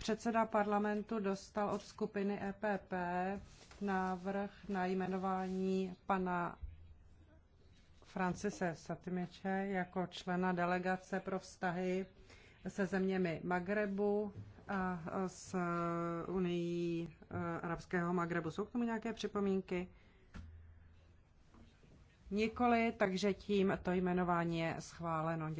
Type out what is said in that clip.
Předseda parlamentu dostal od skupiny EPP návrh na jmenování pana Francise Satimeče jako člena delegace pro vztahy se zeměmi Magrebu a s Unii eh, Arabského Magrebu. Jsou k tomu nějaké připomínky? Nikoli, takže tím to jmenování je schváleno.